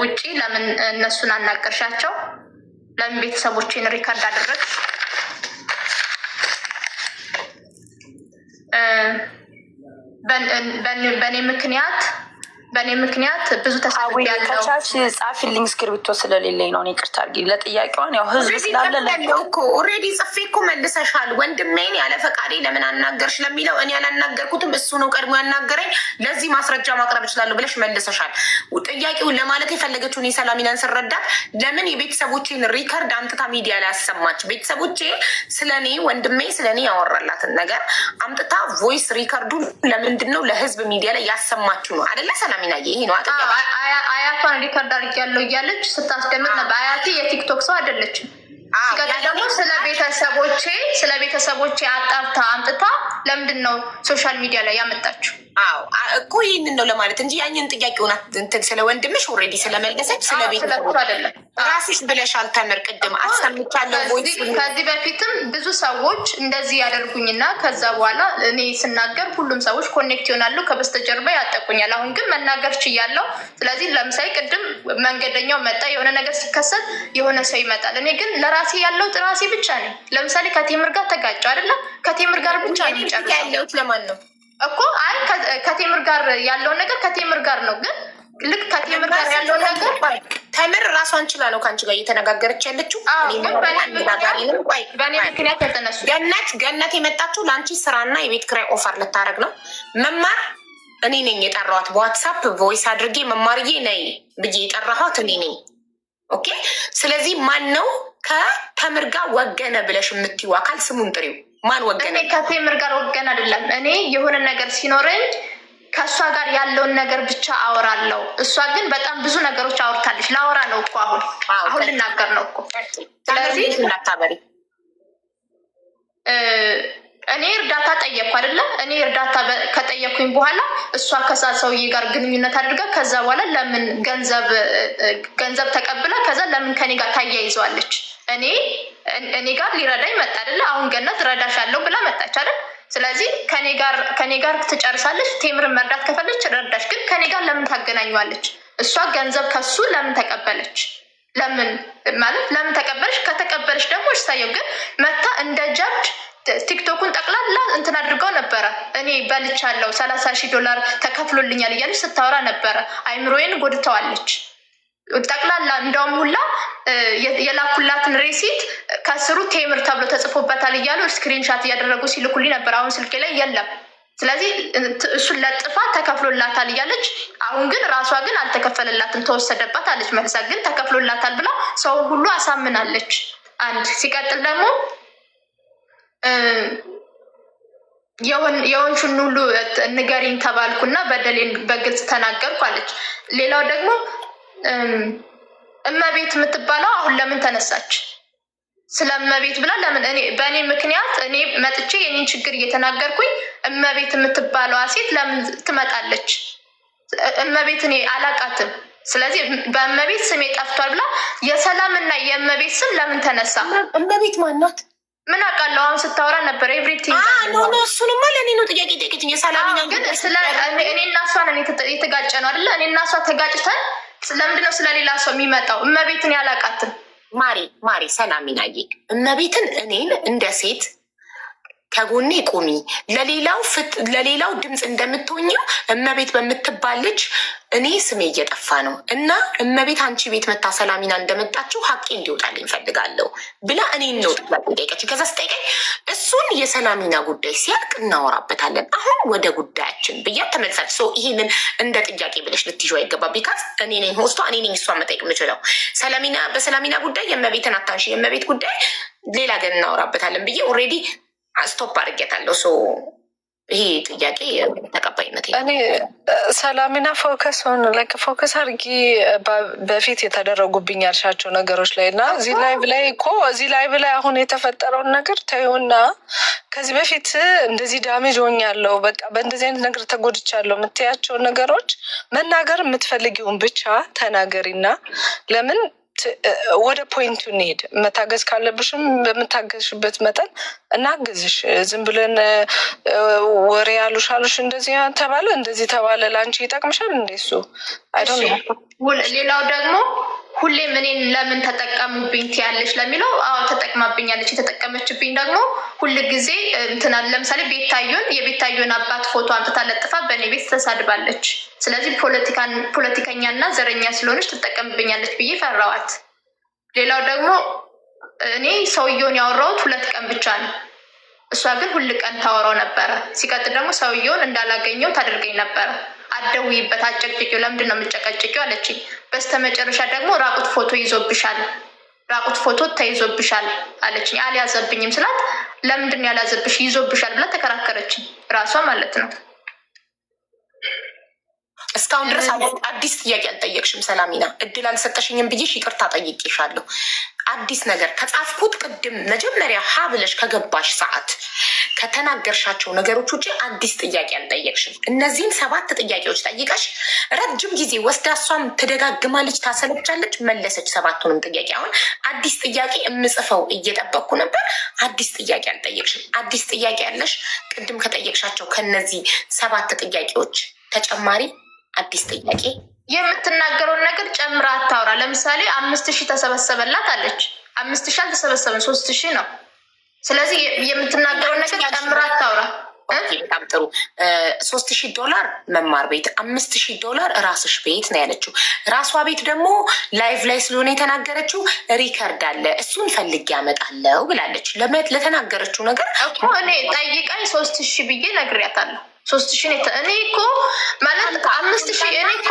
ውጪ ለምን እነሱን አናገርሻቸው? ለምን ቤተሰቦችን ሪከርድ አደረግ? በእኔ ምክንያት በእኔ ምክንያት ብዙ ተሳቻች ጻፊልኝ፣ እስክርቢቶ ስለሌለኝ ነው። ይቅርታ አድርጊ። ለጥያቄዋን ያው ህዝብ ስላለ እኮ ኦልሬዲ ጽፌ እኮ መልሰሻል። ወንድሜን ያለ ፈቃዴ ለምን አናገርሽ ለሚለው እኔ ያላናገርኩትም እሱ ነው ቀድሞ ያናገረኝ፣ ለዚህ ማስረጃ ማቅረብ እችላለሁ ብለሽ መልሰሻል። ጥያቄውን ለማለት የፈለገችው እኔ ሰላሚናን ስረዳት ለምን የቤተሰቦቼን ሪከርድ አምጥታ ሚዲያ ላይ አሰማች? ቤተሰቦቼ ስለኔ ወንድሜ ስለኔ ያወራላትን ነገር አምጥታ ቮይስ ሪከርዱን ለምንድን ነው ለህዝብ ሚዲያ ላይ ያሰማችው ነው አደለ ሰላም አየ ይሄ ነው። አያቷን ሪከርድ አድርጊያለሁ እያለች ስታስደምጥ ነበር። አያቴ የቲክቶክ ሰው አይደለችም። ሲቀጥል ደግሞ ስለ ቤተሰቦቼ ስለ ቤተሰቦቼ አጣርታ አምጥታ ለምንድን ነው ሶሻል ሚዲያ ላይ ያመጣችው? አዎ እኮ ይህንን ነው ለማለት እንጂ ያኝን ጥያቄውን እንትን ስለ ወንድምሽ ኦልሬዲ ስለመለሰች ስለ ቤት ራስሽ ብለሻል። ተምር ቅድም አሰምቻለሁ። ከዚህ በፊትም ብዙ ሰዎች እንደዚህ ያደርጉኝና ከዛ በኋላ እኔ ስናገር ሁሉም ሰዎች ኮኔክት ይሆናሉ፣ ከበስተጀርባ ያጠቁኛል። አሁን ግን መናገር ችያለሁ። ስለዚህ ለምሳሌ ቅድም መንገደኛው መጣ፣ የሆነ ነገር ሲከሰት የሆነ ሰው ይመጣል። እኔ ግን ለራሴ ያለሁት ራሴ ብቻ ነኝ። ለምሳሌ ከቴምር ጋር ተጋጨሁ አይደለም፣ ከቴምር ጋር ብቻ ነው ያለሁት ለማን ነው እኮ አይ ከቴምር ጋር ያለውን ነገር ከቴምር ጋር ነው ግን ልክ ከቴምር ጋር ያለውን ነገር ተምር ራሷን ችላ ነው ከአንቺ ጋር እየተነጋገረች ያለችው። በእኔ ምክንያት ያልተነሱ ገነት ገነት የመጣችው ለአንቺ ስራና የቤት ክራይ ኦፈር ልታደረግ ነው። መማር እኔ ነኝ የጠራኋት በዋትሳፕ ቮይስ አድርጌ መማርዬ ነይ ብዬ የጠራኋት እኔ ነኝ። ኦኬ። ስለዚህ ማን ነው ከተምር ጋር ወገነ ብለሽ የምትዩ አካል ስሙን ጥሪው። ማን ወገን? እኔ ከቴምር ጋር ወገን አይደለም። እኔ የሆነ ነገር ሲኖረኝ ከእሷ ጋር ያለውን ነገር ብቻ አወራለሁ። እሷ ግን በጣም ብዙ ነገሮች አውርታለች። ላወራ ነው እኮ አሁን አሁን ልናገር ነው እኮ። ስለዚህ እኔ እርዳታ ጠየቅኩ አይደለም እኔ እርዳታ ከጠየኩኝ በኋላ እሷ ከዛ ሰውዬ ጋር ግንኙነት አድርጋ ከዛ በኋላ ለምን ገንዘብ ገንዘብ ተቀብላ ከዛ ለምን ከኔ ጋር ታያይዘዋለች? እኔ እኔ ጋር ሊረዳኝ መጣ አይደለ? አሁን ገነት አለው ብላ መጣች አይደል? ስለዚህ ከኔ ጋር ትጨርሳለች። ቴምርን መርዳት ከፈለች ረዳሽ፣ ግን ከኔ ጋር ለምን ታገናኘዋለች? እሷ ገንዘብ ከሱ ለምን ተቀበለች? ለምን ማለት ለምን ተቀበለች? ከተቀበለች ደግሞ እሳየው። ግን መታ እንደ ጃድ ቲክቶኩን ጠቅላላ እንትን አድርገው ነበረ። እኔ በልቻለሁ፣ ሰላሳ ሺህ ዶላር ተከፍሎልኛል እያለች ስታወራ ነበረ። አይምሮዬን ጎድተዋለች። ጠቅላላ እንዳውም ሁላ የላኩላትን ሬሲት ከስሩ ቴምር ተብሎ ተጽፎበታል እያሉ ስክሪንሻት እያደረጉ ሲልኩልኝ ነበር። አሁን ስልኬ ላይ የለም። ስለዚህ እሱን ለጥፋ ተከፍሎላታል እያለች አሁን ግን ራሷ ግን አልተከፈለላትም፣ ተወሰደባት አለች። መልሳ ግን ተከፍሎላታል ብላ ሰው ሁሉ አሳምናለች። አንድ ሲቀጥል ደግሞ የወንሹን ሁሉ ንገሪኝ ተባልኩና በደሌን በግልጽ ተናገርኩ አለች። ሌላው ደግሞ እመቤት የምትባለው አሁን ለምን ተነሳች? ስለ እመቤት ብላ ለምን በእኔ ምክንያት እኔ መጥቼ የኔን ችግር እየተናገርኩኝ እመቤት የምትባለዋ ሴት ለምን ትመጣለች? እመቤት እኔ አላቃትም። ስለዚህ በእመቤት ስሜ ጠፍቷል ብላ የሰላምና የእመቤት ስም ለምን ተነሳ? እመቤት ማናት? ምን አውቃለሁ። አሁን ስታወራ ነበር። ኤቭሪቲንግ ኖኖ እሱንማ ለእኔ ነው ጥያቄ ጠቂትኝ። የሰላም ግን እኔ እና እሷ የተጋጨ ነው አደለ? እኔ እና እሷ ተጋጭተን ለምንድነው ስለሌላ ሰው የሚመጣው? እመቤትን ያላቃትን ማሪ ማሪ ሰላም ይናይ እመቤትን እኔን እንደ ሴት ከጎኔ ቁሚ፣ ለሌላው ለሌላው ድምፅ እንደምትሆኝው እመቤት በምትባል ልጅ እኔ ስሜ እየጠፋ ነው እና እመቤት አንቺ ቤት መታ ሰላሚና እንደመጣችው ሀቄ እንዲወጣልኝ እፈልጋለሁ ብላ እኔን ነው ጠይቀች። ከዛ ስጠይቀኝ እሱን የሰላሚና ጉዳይ ሲያልቅ እናወራበታለን። አሁን ወደ ጉዳያችን ብያ ተመልሳል። ሰው ይህንን እንደ ጥያቄ ብለሽ ልትይዥ አይገባ። ቢካዝ እኔ ነኝ ሆስቷ፣ እኔ ነኝ እሷ መጠየቅ የምችለው ሰላሚና በሰላሚና ጉዳይ የመቤትን አታንሽ፣ የመቤት ጉዳይ ሌላ ገን እናወራበታለን ብዬ ኦልሬዲ ስቶፕ አድርጌታለሁ። ይሄ ጥያቄ ተቀባይነት እኔ ሰላምና ፎከስ ሆን ላይክ ፎከስ አርጊ በፊት የተደረጉብኝ ያልሻቸው ነገሮች ላይ እና እዚህ ላይቭ ላይ እኮ እዚህ ላይቭ ላይ አሁን የተፈጠረውን ነገር ተይውና ከዚህ በፊት እንደዚህ ዳሜጅ ሆኛለሁ፣ በቃ በእንደዚህ አይነት ነገር ተጎድቻለሁ የምትያቸው ነገሮች መናገር የምትፈልጊውን ብቻ ተናገሪና ለምን ሁለት ወደ ፖይንቱ እንሄድ። መታገዝ ካለብሽም በምታገዝሽበት መጠን እናግዝሽ። ዝም ብለን ወሬ ያሉሽ አሉሽ እንደዚህ ተባለ እንደዚህ ተባለ፣ ለአንቺ ይጠቅምሻል እንዴ? እሱ ሌላው ደግሞ ሁሌም እኔን ለምን ተጠቀሙብኝ ትያለች ለሚለው፣ አዎ ተጠቅማብኛለች። የተጠቀመችብኝ ደግሞ ሁል ጊዜ እንትና ለምሳሌ ቤታዮን የቤታዮን አባት ፎቶ አምጥታ ለጥፋ በእኔ ቤት ተሳድባለች። ስለዚህ ፖለቲከኛና ዘረኛ ስለሆነች ትጠቀምብኛለች ብዬ ፈራዋት። ሌላው ደግሞ እኔ ሰውየውን ያወራሁት ሁለት ቀን ብቻ ነው። እሷ ግን ሁል ቀን ታወራው ነበረ። ሲቀጥል ደግሞ ሰውየውን እንዳላገኘው ታደርገኝ ነበረ። አትደውይበት፣ አጨቅጭቂው። ለምንድን ነው የምጨቀጭቂው አለችኝ። በስተመጨረሻ ደግሞ ራቁት ፎቶ ይዞብሻል፣ ራቁት ፎቶ ተይዞብሻል አለችኝ። አልያዘብኝም ስላት ለምንድን ነው ያልያዘብሽ? ይዞብሻል ብላ ተከራከረችኝ። ራሷ ማለት ነው። እስካሁን ድረስ አዲስ ጥያቄ አልጠየቅሽም ሰላሚና፣ እድል አልሰጠሽኝም ብዬሽ ይቅርታ ጠይቄሻለሁ። አዲስ ነገር ከጻፍኩት ቅድም መጀመሪያ ሀ ብለሽ ከገባሽ ሰዓት ከተናገርሻቸው ነገሮች ውጭ አዲስ ጥያቄ አልጠየቅሽም። እነዚህን ሰባት ጥያቄዎች ጠይቀሽ ረጅም ጊዜ ወስዳ እሷም ትደጋግማለች፣ ታሰለቻለች፣ መለሰች ሰባቱንም ጥያቄ። አሁን አዲስ ጥያቄ የምጽፈው እየጠበቅኩ ነበር። አዲስ ጥያቄ አልጠየቅሽም። አዲስ ጥያቄ ያለሽ ቅድም ከጠየቅሻቸው ከነዚህ ሰባት ጥያቄዎች ተጨማሪ አዲስ ጥያቄ የምትናገረውን ነገር ጨምራ አታውራ። ለምሳሌ አምስት ሺህ ተሰበሰበላት አለች። አምስት ሺህ አልተሰበሰበም፣ ሶስት ሺህ ነው ስለዚህ የምትናገረው ነገር ጨምራ አታውራ። በጣም ጥሩ። ሶስት ሺህ ዶላር መማር ቤት፣ አምስት ሺህ ዶላር ራስሽ ቤት ነው ያለችው። ራሷ ቤት ደግሞ ላይቭ ላይ ስለሆነ የተናገረችው ሪከርድ አለ፣ እሱን ፈልጌ ያመጣለው ብላለች። ለተናገረችው ነገር እኔ ጠይቃኝ ሶስት ሺህ ብዬ ነግሬያታለሁ። ሶስት ሺህ እኔ እኮ ማለት አምስት ሺህ እኔ እኮ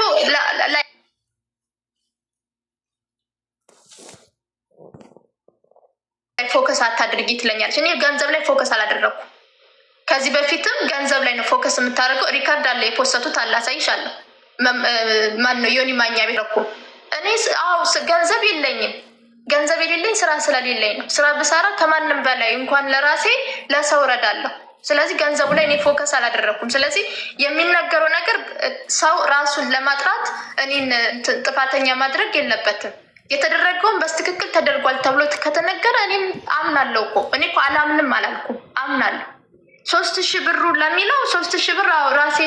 ፎከስ አታድርጊ ትለኛለች። እኔ ገንዘብ ላይ ፎከስ አላደረግኩ። ከዚህ በፊትም ገንዘብ ላይ ነው ፎከስ የምታደርገው። ሪካርድ አለ የፖሰቱት አላሳይሻለሁ። ማነው ዮኒ ማኛ ቤት እኮ እኔ አዎ ገንዘብ የለኝም። ገንዘብ የሌለኝ ስራ ስለሌለኝ ነው። ስራ ብሰራ ከማንም በላይ እንኳን ለራሴ ለሰው እረዳለሁ። ስለዚህ ገንዘቡ ላይ እኔ ፎከስ አላደረኩም። ስለዚህ የሚነገረው ነገር ሰው ራሱን ለማጥራት እኔን ጥፋተኛ ማድረግ የለበትም። የተደረገውን በስትክክል ተደርጓል ተብሎ ከተነገረ እኔም አምናለሁ እኮ እኔ እኮ አላምንም አላልኩም፣ አምናለሁ። ሶስት ሺህ ብሩ ለሚለው ሶስት ሺህ ብር ራሴ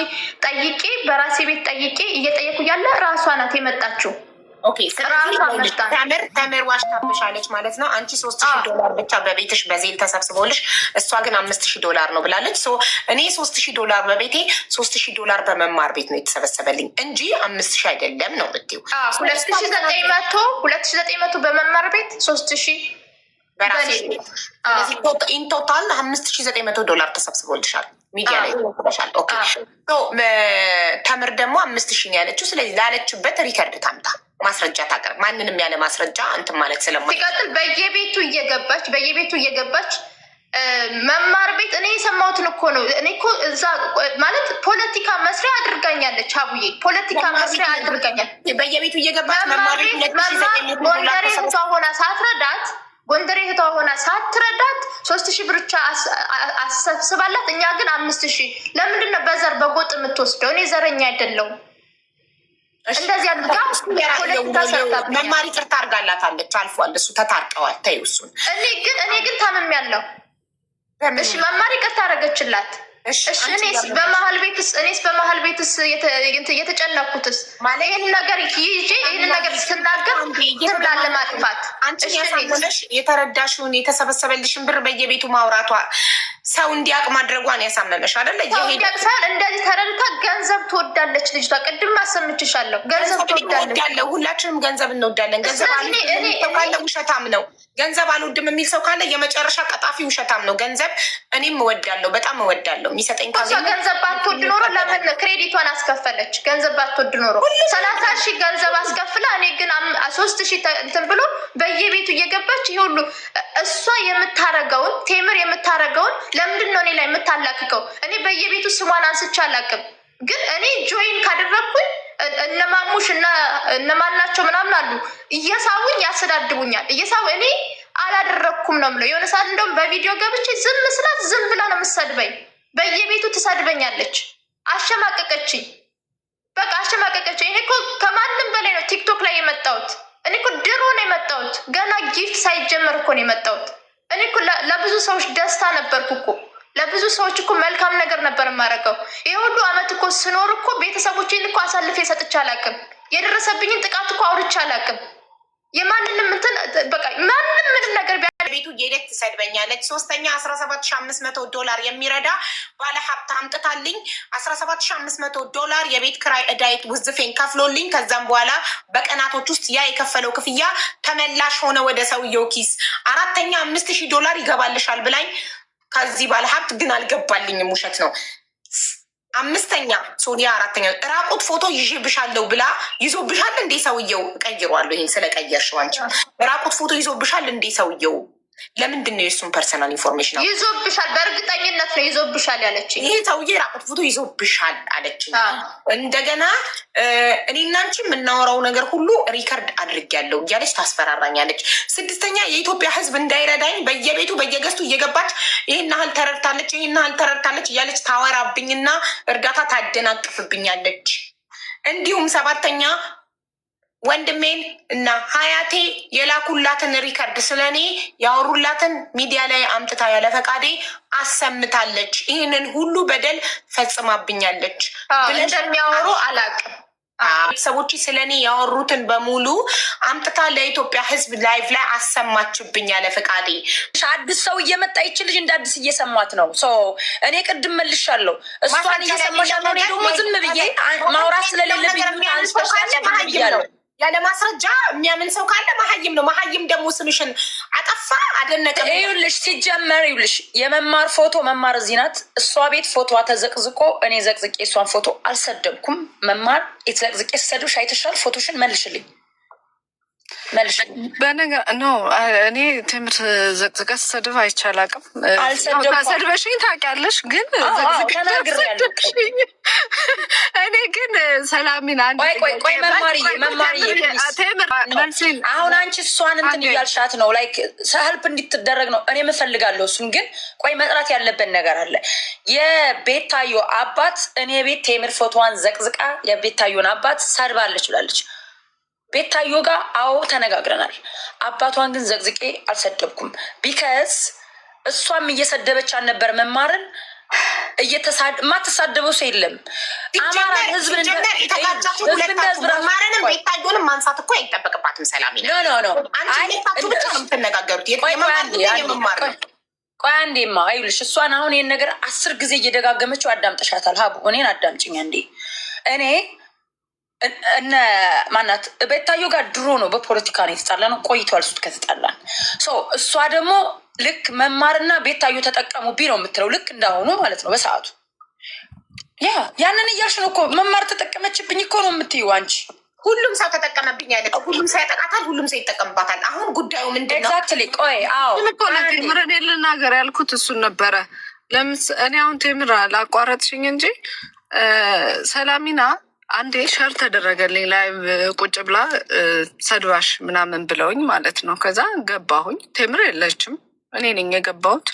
ጠይቄ በራሴ ቤት ጠይቄ እየጠየኩ ያለ ራሷ ናት የመጣችው። ተምር ተምር ዋሽታብሻለች ማለት ነው። አንቺ ሶስት ሺህ ዶላር ብቻ በቤትሽ በዜል ተሰብስቦልሽ እሷ ግን አምስት ሺህ ዶላር ነው ብላለች። እኔ ሶስት ሺህ ዶላር በቤቴ ሶስት ሺህ ዶላር በመማር ቤት ነው የተሰበሰበልኝ እንጂ አምስት ሺህ አይደለም ነው የምትይው። ሁለት ሺህ ዘጠኝ መቶ ሁለት ሺህ ዘጠኝ መቶ በመማር ቤት ሶስት ሺህ በራሴ አምስት ሺህ ዘጠኝ መቶ ዶላር ተሰብስቦልሻል። ሚዲያ ላይ ተምር ደግሞ አምስት ሺህ ነው ያለችው። ስለዚህ ላለችበት ሪከርድ ታምጣ ማስረጃ ታቀርብ። ማንንም ያለ ማስረጃ እንትን ማለት ስለማ ሲቀጥል በየቤቱ እየገባች በየቤቱ እየገባች መማር ቤት እኔ የሰማሁትን እኮ ነው። እኔ እኮ እዛ ማለት ፖለቲካ መስሪያ አድርጋኛለች። አቡዬ ፖለቲካ መስሪያ አድርጋኛል። በየቤቱ እየገባች መማር ሆና ሳትረዳት ጎንደሬ እህቷ ሆና ሳትረዳት ሶስት ሺህ ብርቻ አሰብስባላት። እኛ ግን አምስት ሺህ ለምንድን ነው በዘር በጎጥ የምትወስደው? እኔ ዘረኛ አይደለውም። እንደዚህ መማሪ ቅርታ አድርጋላታለች። አልፏል። እሱ ተታርቀዋል። ተይው እሱን። እኔ ግን እኔ ግን ታምሜያለሁ። እሺ መማሪ ቅርታ አደረገችላት። በመሀል ቤትስ እኔስ በመሀል ቤትስ የተጨነኩትስ ይህን ነገር ይዤ ይህን ነገር ስናገር ትብላለ ለማጥፋት አንቺ ያሳመነሽ የተረዳሽውን የተሰበሰበልሽን ብር በየቤቱ ማውራቷ ሰው እንዲያውቅ ማድረጓን ያሳመመሽ አደለ? ሳይሆን እንደዚህ ተረድታ ገንዘብ ትወዳለች ልጅቷ። ቅድም አሰምችሻለሁ። ገንዘብ ትወዳለች። ሁላችንም ገንዘብ እንወዳለን። ገንዘብ ውሸታም ነው። ገንዘብ አልወድም የሚል ሰው ካለ የመጨረሻ ቀጣፊ ውሸታም ነው። ገንዘብ እኔም እወዳለሁ፣ በጣም እወዳለሁ። የሚሰጠኝ ገንዘብ ባትወድ ኖሮ ለምን ክሬዲቷን አስከፈለች? ገንዘብ ባትወድ ኖሮ ሰላሳ ሺህ ገንዘብ አስከፍላ እኔ ግን ሶስት ሺህ እንትን ብሎ በየቤቱ እየገባች ይሄ ሁሉ እሷ የምታረገውን ቴምር የምታረገውን ለምንድን ነው እኔ ላይ የምታላቅቀው? እኔ በየቤቱ ስሟን አንስቼ አላቅም፣ ግን እኔ ጆይን ካደረግኩኝ እነማሙሽ እና እነማናቸው ምናምን አሉ እየሳቡኝ ያስተዳድቡኛል። እየሳቡ እኔ አላደረግኩም ነው የምለው። የሆነ ሰዓት እንደውም በቪዲዮ ገብቼ ዝም ስላት ዝም ብላ ነው የምትሰድበኝ። በየቤቱ ትሰድበኛለች። አሸማቀቀችኝ፣ በቃ አሸማቀቀችኝ። እኔ እኮ ከማንም በላይ ነው ቲክቶክ ላይ የመጣሁት። እኔ እኮ ድሮ ነው የመጣሁት። ገና ጊፍት ሳይጀመር እኮ ነው የመጣሁት። እኔ እኮ ለብዙ ሰዎች ደስታ ነበርኩ እኮ ለብዙ ሰዎች እኮ መልካም ነገር ነበር የማደርገው። ይህ ሁሉ አመት እኮ ስኖር እኮ ቤተሰቦቼን እኮ አሳልፌ ሰጥቼ አላውቅም። የደረሰብኝን ጥቃት እኮ አውርቼ አላውቅም። የማንንም እንትን በቃ ማንም ምንም ነገር ቤቱ የሌት ትሰድበኛለች። ሶስተኛ አስራ ሰባት ሺ አምስት መቶ ዶላር የሚረዳ ባለ ሀብት አምጥታልኝ አስራ ሰባት ሺ አምስት መቶ ዶላር የቤት ክራይ እዳይት ውዝፌን ከፍሎልኝ ከዛም በኋላ በቀናቶች ውስጥ ያ የከፈለው ክፍያ ተመላሽ ሆነ ወደ ሰውየው ኪስ። አራተኛ አምስት ሺህ ዶላር ይገባልሻል ብላኝ ከዚህ ባለ ሀብት ግን አልገባልኝም። ውሸት ነው። አምስተኛ ሶኒያ፣ አራተኛ ራቁት ፎቶ ይዤብሻለሁ ብላ ይዞብሻል እንዴ ሰውየው። ቀይሯሉ። ይህን ስለቀየርሽው አንቺ ራቁት ፎቶ ይዞብሻል እንዴ ሰውየው ለምንድን ነው የእሱን ፐርሰናል ኢንፎርሜሽን ይዞብሻል? በእርግጠኝነት ነው ይዞብሻል ያለችኝ። ይሄ ሰውዬ ራቁት ፎቶ ይዞብሻል አለችኝ። እንደገና እኔ እና የምናወራው ነገር ሁሉ ሪከርድ አድርጌያለሁ እያለች ታስፈራራኛለች። ስድስተኛ የኢትዮጵያ ሕዝብ እንዳይረዳኝ በየቤቱ በየገዝቱ እየገባች ይህን ያህል ተረድታለች፣ ይህን ያህል ተረድታለች እያለች ታወራብኝና እርዳታ ታደናቅፍብኛለች። እንዲሁም ሰባተኛ ወንድሜን እና ሀያቴ የላኩላትን ሪከርድ ስለ እኔ ያወሩላትን ሚዲያ ላይ አምጥታ ያለ ፈቃዴ አሰምታለች። ይህንን ሁሉ በደል ፈጽማብኛለች ብለሽ እንደሚያወሩ አላውቅም። ቤተሰቦች ስለ እኔ ያወሩትን በሙሉ አምጥታ ለኢትዮጵያ ሕዝብ ላይቭ ላይ አሰማችብኝ ያለ ፈቃዴ። አዲስ ሰው እየመጣ ይችል ልጅ እንደ አዲስ እየሰማት ነው። እኔ ቅድም መልሻለሁ፣ እሷን እየሰማሻለሁ። ደግሞ ዝም ብዬ ማውራት ስለሌለብኝ አንስቶሻለ ብያለሁ ያለ ማስረጃ የሚያምን ሰው ካለ መሀይም ነው። መሀይም ደግሞ ስምሽን አጠፋ አደነቀ። ይኸውልሽ ሲጀመር ይኸውልሽ የመማር ፎቶ መማር እዚህ ናት። እሷ ቤት ፎቶዋ ተዘቅዝቆ እኔ ዘቅዝቄ እሷን ፎቶ አልሰደብኩም። መማር የተዘቅዝቄ ስሰድብሽ አይተሻል። ፎቶሽን መልሽልኝ። በነገር ነው እኔ ትምህርት ዘቅዝቀስ ስድብ አይቻል አቅም ሰድበሽኝ ታውቂያለሽ፣ ግን እኔ ግን ሰላሚን አሁን አንቺ እሷን እንትን እያልሻት ነው ላይክ ሄልፕ እንድትደረግ ነው እኔ ምፈልጋለሁ። እሱን ግን ቆይ መጥራት ያለበት ነገር አለ። የቤታዮ አባት እኔ ቤት ቴምር ፎቶዋን ዘቅዝቃ የቤታዮን አባት ሰድባለች ብላለች። ቤታዮ ጋር አዎ ተነጋግረናል። አባቷን ግን ዘግዝቄ አልሰደብኩም። ቢከዝ እሷም እየሰደበች አልነበር መማርን የማትሳደበው ሰው የለም። አማራን ህዝብ ማረንም ቤታዮንም ማንሳት እኮ አይጠበቅባትም። ሰላም ነው ብቻ ነው የምትነጋገሩት። ቆይ አንዴማ፣ ይኸውልሽ እሷን አሁን ይህን ነገር አስር ጊዜ እየደጋገመችው አዳምጠሻታል። ሀቡ እኔን አዳምጭኝ እንዴ እኔ እነ ማናት ቤታዮ ጋር ድሮ ነው በፖለቲካ ነው የተጣላ ነው ቆይቷል። እሱ ከተጣላን እሷ ደግሞ ልክ መማርና ቤታዮ ተጠቀሙብኝ ነው የምትለው ልክ እንዳሆኑ ማለት ነው በሰዓቱ ያ ያንን እያልሽን እኮ መማር ተጠቀመችብኝ እኮ ነው የምትይው አንቺ። ሁሉም ሰው ተጠቀመብኝ አይደል? ሁሉም ሰው ያጠቃታል፣ ሁሉም ሰው ይጠቀምባታል። አሁን ጉዳዩ ምንድን ነው? ኤግዛክትሊ። ቆይ አዎ፣ ምረን ልናገር ያልኩት እሱን ነበረ። ለምስ እኔ አሁን ቴምር ላቋረጥሽኝ እንጂ ሰላሚና አንዴ ሸር ተደረገልኝ ላይ ቁጭ ብላ ሰድባሽ ምናምን ብለውኝ ማለት ነው። ከዛ ገባሁኝ። ቴምር የለችም። እኔ ነኝ የገባሁት።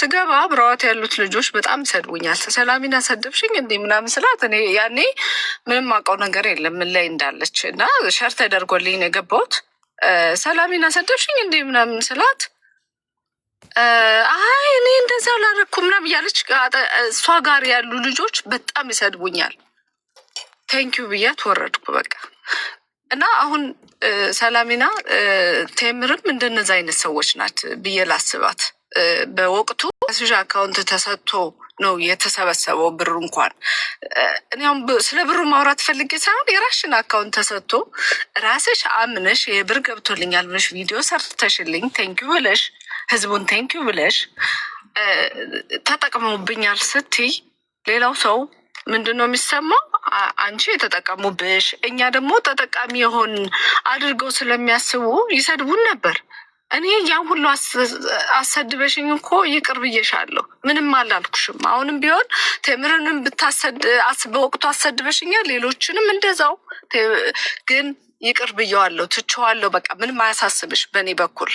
ስገባ አብረዋት ያሉት ልጆች በጣም ሰድቡኛል። ሰላሚን አሰደብሽኝ እንዲ ምናምን ስላት እኔ ያኔ ምንም አውቀው ነገር የለም ምን ላይ እንዳለች እና ሸር ተደርጎልኝ ነው የገባሁት። ሰላሚን አሰደብሽኝ እንዲ ምናምን ስላት አይ እኔ እንደዚያው ላደረግኩ ምናምን እያለች እሷ ጋር ያሉ ልጆች በጣም ይሰድቡኛል። ቴንኪዩ ብያት ወረድኩ በቃ። እና አሁን ሰላሚና ቴምርም እንደነዚ አይነት ሰዎች ናት ብዬ ላስባት። በወቅቱ ስሽ አካውንት ተሰጥቶ ነው የተሰበሰበው ብር እንኳን እኔም ስለ ብሩ ማውራት ፈልጌ ሳይሆን የራሽን አካውንት ተሰጥቶ ራስሽ አምነሽ የብር ገብቶልኛል ብለሽ ቪዲዮ ሰርተሽልኝ ቴንኪዩ ብለሽ ህዝቡን ቴንኪዩ ብለሽ ተጠቅመውብኛል ስትይ ሌላው ሰው ምንድን ነው የሚሰማው? አንቺ የተጠቀሙብሽ እኛ ደግሞ ተጠቃሚ የሆን አድርገው ስለሚያስቡ ይሰድቡን ነበር። እኔ ያን ሁሉ አሰድበሽኝ እኮ ይቅር ብዬሻለሁ። ምንም አላልኩሽም። አሁንም ቢሆን ቴምርንም በወቅቱ አሰድበሽኛል፣ ሌሎችንም እንደዛው ግን ይቅር ብየዋለሁ፣ ትችዋለሁ። በቃ ምንም አያሳስብሽ በእኔ በኩል